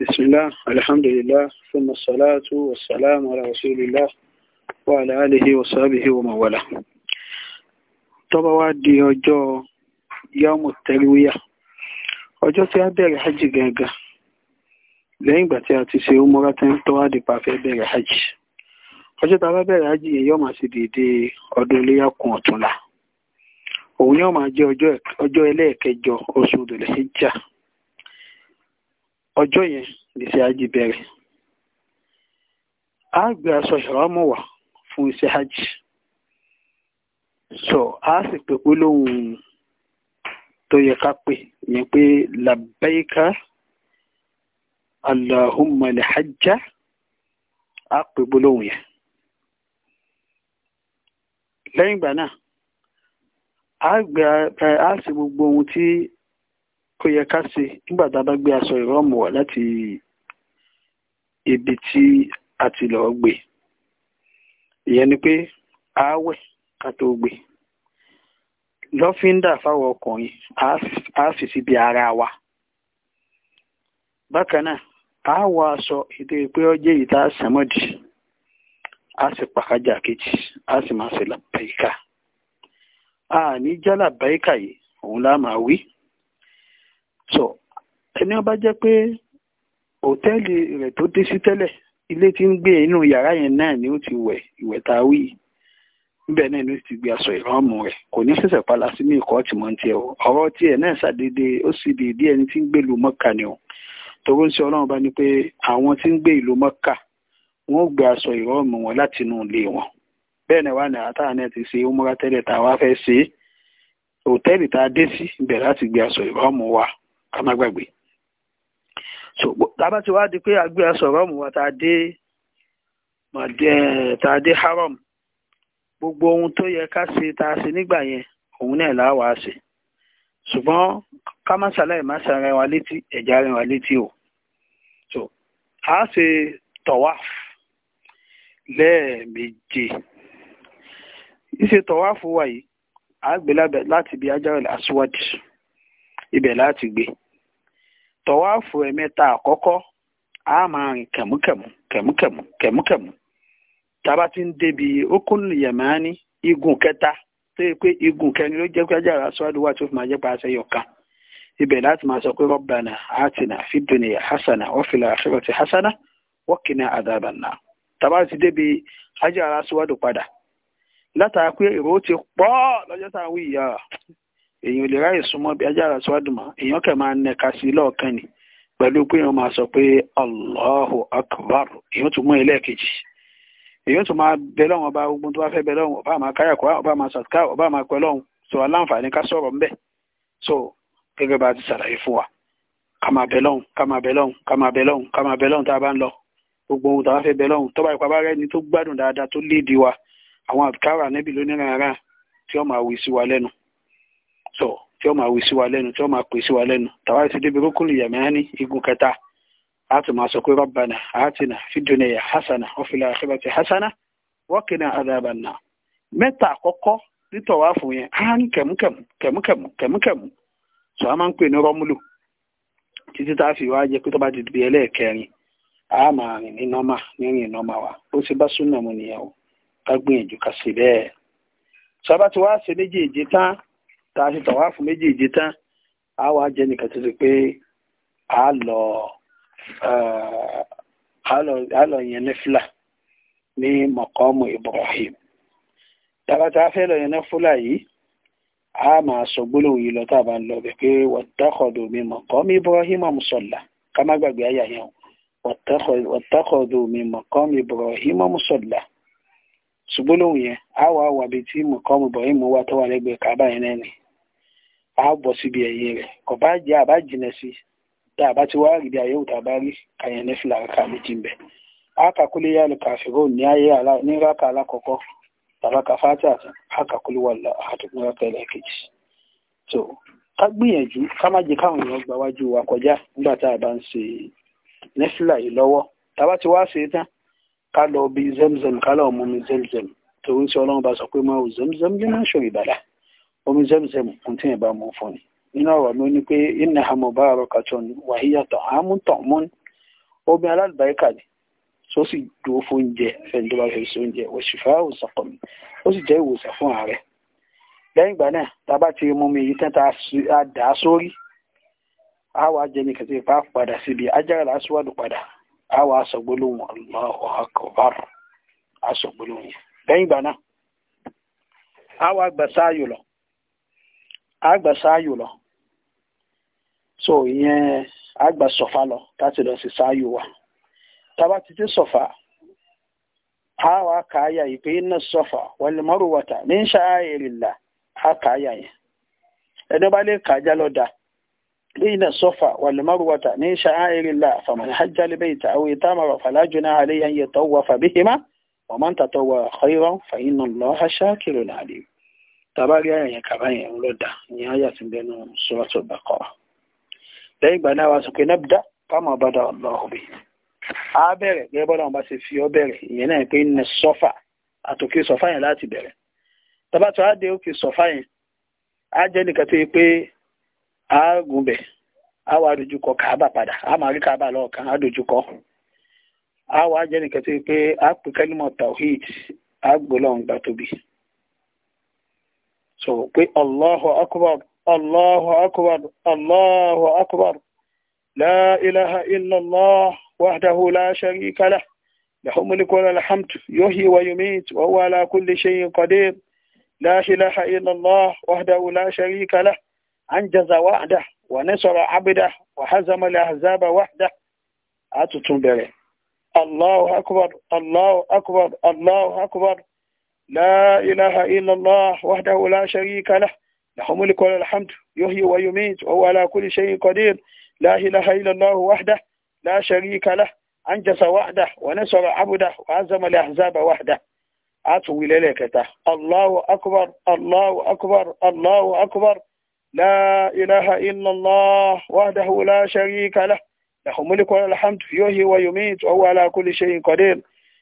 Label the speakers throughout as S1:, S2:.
S1: بسم الله الحمد لله ثم الصلاة والسلام على رسول الله وعلى آله وصحبه ومن والاه tó bá wá di ọjọ́ yawmu tẹ̀ríwíyà ọjọ́ tí a bẹ̀rẹ̀ hajj gangan lẹ́yìn ìgbà tí a ti ṣe umura tẹ́ ń tọ́wá di pàfẹ́ bẹ̀rẹ̀ hajj ọjọ́ tá a bá bẹ̀rẹ̀ hajj yẹn yóò máa ṣe dédé ọdún iléyà kún ọ̀túnla òun yóò máa jẹ́ ọjọ́ ẹlẹ́ẹ̀kẹjọ oṣù Dhul Hijjah ọjọ́ yẹn iṣẹ́ hajj bẹ̀rẹ̀ a gbé aṣọ ìrọ́mọ̀ wá fún iṣẹ́ hajj so a sì pè pé lóhun tó yẹ ká pè yẹn pé labbaika allahumma lihajja a pè gbólóhùn yẹn lẹ́yìn ìgbà náà a gbé a ṣe gbogbo ohun tí kó yẹ ká ṣe nígbà tá a bá gbé aṣọ ìrọ́mù wá láti ibi tí a ti lọ gbé ìyẹn ni pé àáwẹ̀ ká tó gbé lọ́fíńdà fáwọn ọkùnrin á fi síbi ara wa bákan náà a wọ aṣọ ètò ìpé ọjẹ́ yìí tá a sàn mọ́dì a sì pàkájà kejì a sì máa ṣe làbáyíkà a ní yìí òun lá máa wí so ẹni ó bá jẹ́ pé òtẹ́ẹ̀lì rẹ̀ tó dé sí tẹ́lẹ̀ ilé tí ń gbé inú yàrá yẹn náà ni ó ti wẹ̀ ìwẹ̀ tá wí níbẹ̀ náà ni ó ti gbé aṣọ ìrọ́mù rẹ̀ kò ní ṣẹ̀ṣẹ̀ pala sí ní ìkọ́ ọ̀tí mọ́ tiẹ̀ o ọ̀rọ̀ tiẹ̀ náà ṣàdédé ó sì di ìdí ẹni tí ń gbé ìlú mọ́kà ni o torí ń ṣe ọlọ́run bá ní pé àwọn tí ń gbé ìlú mọ́kà wọ́n ó gbé aṣọ ìrọ́mù wọn láti inú ilé wọn bẹ́ẹ̀ ni wà ní àtàwọn náà ti ṣe ó múra tẹ́lẹ̀ tá a wá fẹ́ ṣe é tá a dé sí ibẹ̀ láti gbé aṣọ ìrọ́mù wa ká má so lábá ti wá di pé agbé asọ̀rọ̀mù wa tá a dé tá a dé haram gbogbo ohun tó yẹ ká ṣe tá a ṣe nígbà yẹn òun náà láwa ṣe ṣùgbọ́n ká má ṣàlàyé má ṣàrẹ wa létí ẹ̀já rẹ wa létí o so a ṣe tọ̀wáf lẹ́ẹ̀méje ìṣe tọ̀wáf wa yìí a gbé láti ibi ajáwèlé aswad. ibẹ̀ láti gbé tọ̀wáàfù ẹ̀mẹ́ta àkọ́kọ́ a máa rìn kẹ̀múkẹ̀mú kẹ̀múkẹ̀mú kẹ̀múkẹ̀mú tába ti ń débi yẹ̀mání igun kẹta tó yẹ igun kẹrin ló jẹ́ pé ajára aṣáájú wà tó fi máa jẹ́ pé aṣẹ yọ̀kan ibẹ̀ láti máa sọ pé rọ́bànà hasana wọ́fìlà hasana wọ́kìnà àdàbànà tába ti débi aṣáájú padà èrò ti pọ̀ lọ́jọ́ tá a wí ah, èyàn ò lè ráyè súnmọ́ bí ajá àrà síwájú mọ́ èyàn kẹ̀ máa nẹ̀ka sí lọ́ọ̀kan ni pẹ̀lú pé èyàn máa sọ pé Allahu akbar èyàn tún mú ẹlẹ́ẹ̀kejì èyàn tún máa bẹ lọ́wọ́n ọba ogun tó bá fẹ́ bẹ lọ́wọ́n ọba àmà káyà ọba àmà sàtká ọba àmà pẹ́ lọ́wọ́n so aláǹfààní ká sọ̀rọ̀ ńbẹ̀ so gẹ́gẹ́ bá ti ṣàlàyé fún wa ká máa bẹ lọ́wọ́n ká máa bẹ lọ́wọ́n ká máa bẹ lọ́wọ́n ká máa bẹ lọ́wọ́n tá a bá ń lọ tọ̀ tí ó máa wí sí wa lẹ́nu tí ó máa pè sí wa lẹ́nu tàwa ti débi rúkúlù yàmíhání igun kẹta a tún máa sọ pé rabbana atina fid dunya hasana wa fil akhirati hasana wa qina adhaban nar mẹ́ta àkọ́kọ́ nítọ̀wá fún yẹn á ní kẹ̀múkẹ̀mú kẹ̀múkẹ̀mú kẹ̀múkẹ̀mú sọ a máa ń pè ní rọ́múlù títí tá a fi wá jẹ pé tó bá ti di ẹlẹ́ẹ̀kẹrin a máa rìn ní nọ́mà nírìn nọ́mà wa ó ti bá súnà mu nìyẹn o ká gbìyànjú ká ṣe bẹ́ẹ̀ sábà tí wàá ṣe méjèèjì tán tá a ṣe tọ̀wáàfù méjèèjì tán a wá jẹ́ nìkan tó ti pé a lọ a lọ yẹn nẹ́fìlà ní mọ̀kọ́mù Ibrahim tàbátà fẹ́ lọ yẹn nẹ́fìlà yìí a máa sọ gbólóhùn yìí lọ tá a bá ń lọ bẹ̀ pé wọ́tàkọ̀dù mi mọ̀kọ́mù Ibrahim àmùsọ̀là ká má gbàgbé àyà yẹn o mi mọ̀kọ́mù Ibrahim àmùsọ̀là ṣùgbọ́n yẹn a wà wà bíi tí mọ̀kọ́mù Ibrahim wà tó wà lẹ́gbẹ̀ẹ́ kábàáyé náà ni a bọ̀ síbi ẹ̀yìn rẹ̀ kò bá jẹ́ àbá jìnà sí tá a bá ti wá rí bí àyẹ̀wò tá a bá rí kàyẹn ní fìlà ká méjì ń bẹ̀. a kà kúlé yá lùkà fìró ní ayé ní rákà alákọ̀ọ́kọ́ tàbá ka fátì àti so ká gbìyànjú ká má jẹ káwọn èèyàn gba wájú wa kọjá nígbà tá a bá ń ṣe nẹ́fìlà yìí lọ́wọ́ tàbá ti wá ṣe tán ká lọ bí zemzem ká lọ mú mi zemzem tòun tí ọlọ́run bá sọ pé máa wù zemzem lé máa ń ìbàdàn omi zẹ́mùzẹ́mù kún tí yẹn bá mú fún ni nínú ọ̀rọ̀ mi ó ní pé iná àmọ́ bá ọ̀rọ̀ kàtó ni wàhíyà tán àmú tán mú ni omi alálùbáríkà ni tó sì dúró fún oúnjẹ fẹ́ni tó bá fẹ́ sí oúnjẹ ó sì fẹ́ àwòsàn pọ̀ mi ó sì jẹ́ ìwòsàn fún ààrẹ lẹ́yìn ìgbà náà tá ti mú mi èyí tán tá a dà á sórí a wá jẹ ní kẹsì ìpá padà síbi ajára aṣíwájú padà a wá aṣọgbólóhùn Allahu akbar aṣọgbólóhùn yẹn lẹ́yìn ìgbà náà a wá gbà sáàyò lọ àgbà sáàyò lọ so ìyẹn àgbà sọ̀fà lọ láti lọ sí sáàyò wa tába ti ti sọ̀fà a wà káyà yìí pé iná sọ̀fà wal marwata min sha'airillah a káyà yẹn ẹni bá lè kájà lọ dáa بين الصفا والمروة من شعائر الله فمن حج البيت أو اتمر فلا جناح عليه أن يطوف بهما ومن تطوع خيرا فإن الله شاكر عليم tàbárí àyà yẹn kàbá yẹn ń lọ́dà ìyẹn àyà ti bẹnu suratul Baqara lẹ́yìn ìgbà náà wàá sọ pé nabda kama bada Allahu bi a bẹ̀rẹ̀ gẹ́gẹ́ bọ́dà wọn bá ṣe fi ọ bẹ̀rẹ̀ ìyẹn náà pé ní sọ́fà àtòkè sọ́fà yẹn láti bẹ̀rẹ̀ tabatọ́ á dé òkè sọ́fà yẹn á jẹ́ nìkan tó yẹ pé á gùn bẹ̀ á wàá dojúkọ kàábà padà á máa rí kàábà lọ́ọ̀kan á dojúkọ á wàá jẹ́ nìkan tó yẹ pé á pè kẹ́límọ̀ tawhid á gbólóhùn gbà tóbi so pé Allahu akbar Allahu akbar Allahu akbar la ilaha illallah wahdahu la sharika lah lahu mulku wa lahu hamd yuhyi wa yumit wa huwa ala kulli shay'in qadir la ilaha illallah wahdahu la sharika lah anjaza wa'dah wa nasara 'abdah wa hazama al-ahzaba wahdah àtútún Allahu akbar Allahu akbar Allahu akbar لا إله إلا الله وحده لا شريك له له ملك وله الحمد يحيي ويميت وهو على كل شيء قدير لا إله إلا الله وحده لا شريك له أنجز وحده ونصر عبده وعزم الأحزاب وحده أطوي لك الله أكبر الله أكبر الله أكبر لا إله إلا الله وحده لا شريك له له ملك وله الحمد يحيي ويميت وهو على كل شيء قدير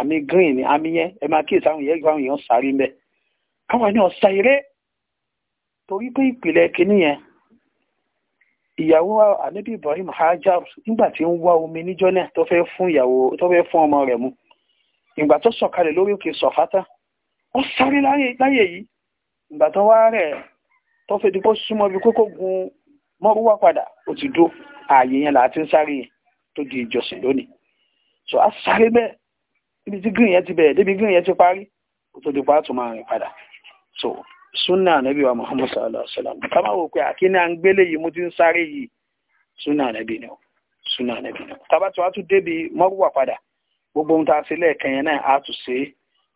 S1: àmì green ni àmì yẹn ẹ máa kíyèsí àwọn èèyàn àwọn èèyàn sáré mbẹ káwọn ẹni ọ̀sà eré torí pé ìpìlẹ̀ kínní yẹn ìyàwó ànábì Ibrahim Hajar nígbà tí ń wá omi níjọ́ náà tó fẹ́ fún ìyàwó tó fẹ́ fún ọmọ rẹ̀ mu ìgbà tó sọ̀kalẹ̀ lórí òkè sọ̀fátà ó sáré láyè yìí ìgbà tó wá rẹ̀ tó fẹ́ dípò súnmọ́ bí kókó gun mọ́rúwá padà ó ti dó ààyè yẹn làá ti ń sáré yẹn tó di ìjọsìn lónìí so a sáré bẹ́ẹ̀ ibi tí green yẹn ti bẹ̀rẹ̀ débi green yẹn ti parí kò tó di pàtó máa rìn padà so sunna anabi wa muhammad sallallahu alaihi wa sallam ká máa wò pé àkíní à ń gbélé yìí mo ti ń sáré yìí sunna anabi ni o sunna anabi ni o tá a bá tó a tún débi mọ́rùwà padà gbogbo ohun tá a ṣe lẹ́ẹ̀kan yẹn náà a tún ṣe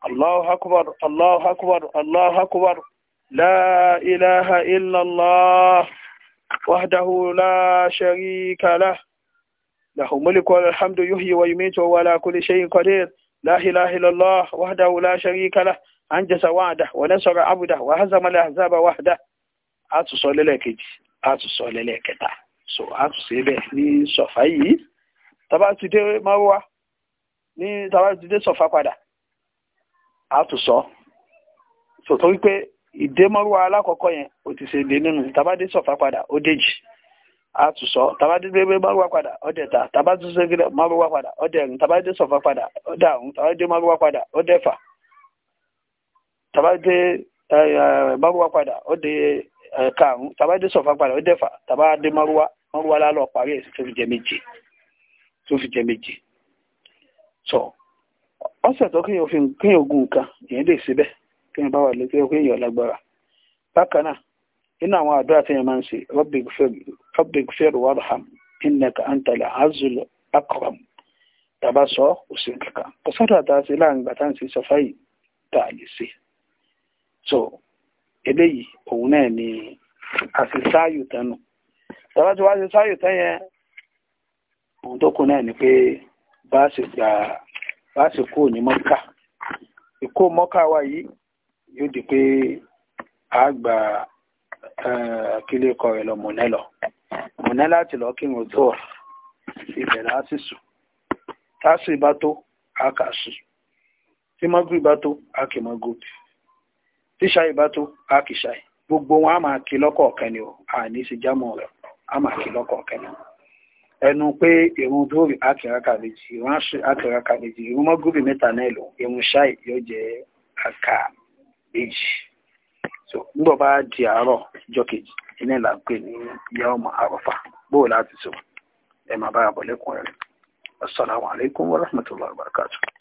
S1: allahu akbar allahu akbar allahu akbar la ilaha illallah wahdahu la sharika lah lahu mulku wal yuhyi wa yumitu wa ala kulli shay'in qadir. لا إله إلا الله وحده لا شريك له أنجز وعده ونصر عبده وهزم الأحزاب وحده أتصل لك أتصل لك so أتصل ní sọ̀fà yìí tàbá ti dé Marwa ní tàbá ti dé sọ̀fà padà àtúsọ sọ̀tọ́ wípé ìdé Marwa alákọ̀ọ́kọ́ yẹn ò ti ṣe dé nínú tàbá dé sọ̀fà padà ó déjì àtúnṣọ tàbádé márùwá padà dị ta tàbádé sẹgẹdẹ márùwá padà ọdẹ dị tàbádé sọfà padà ọdẹ àrùn tàbádé márùwá padà ọdẹ ẹ̀fà tàbádé márùwá padà ọdẹ karùn tàbádé sọfà padà ọdẹ ẹ̀fà tàbádé márùwá márùwá lálọ parí ẹ inú àwọn àdúrà tí yẹn máa ń ṣe rabbig fir warham innaka antal azul akram tàbá sọ òsì kankan kò sọ́dọ̀ àtà sí láàrin gbàtà ń ṣe sọfá yìí tá a lè ṣe so eléyìí òun náà ni àti sáàyù tẹnu tàbá tí wàá ṣe sáàyù tẹ yẹn òun tó kù náà ni pé bá a ṣe gbà bá a ṣe kú ní mọ́kà ìkó mọ́kà wa yìí yóò di pé a gbà. Eh, kílé kọ rẹ̀ lọ mọ̀nẹ́ lọ mọ̀nẹ́ láti lọ kírun tó ibẹ̀ láti sùn tásù ìbá tó a kà sùn a gbogbo wọn a máa kí lọ́kọ̀ọ̀kan ni o a ni ẹnu pé irun dóòrì akẹ̀ráka irun irun náà irun yóò aka so ńgbọ̀ bá di àárọ̀ ìjọ kejì iná là ń pè yawma àrọ̀fà bóò láti so ẹ ma bá a bọ̀ lẹ́kùn assalamu alaikum warahmatullahi wabarakatuh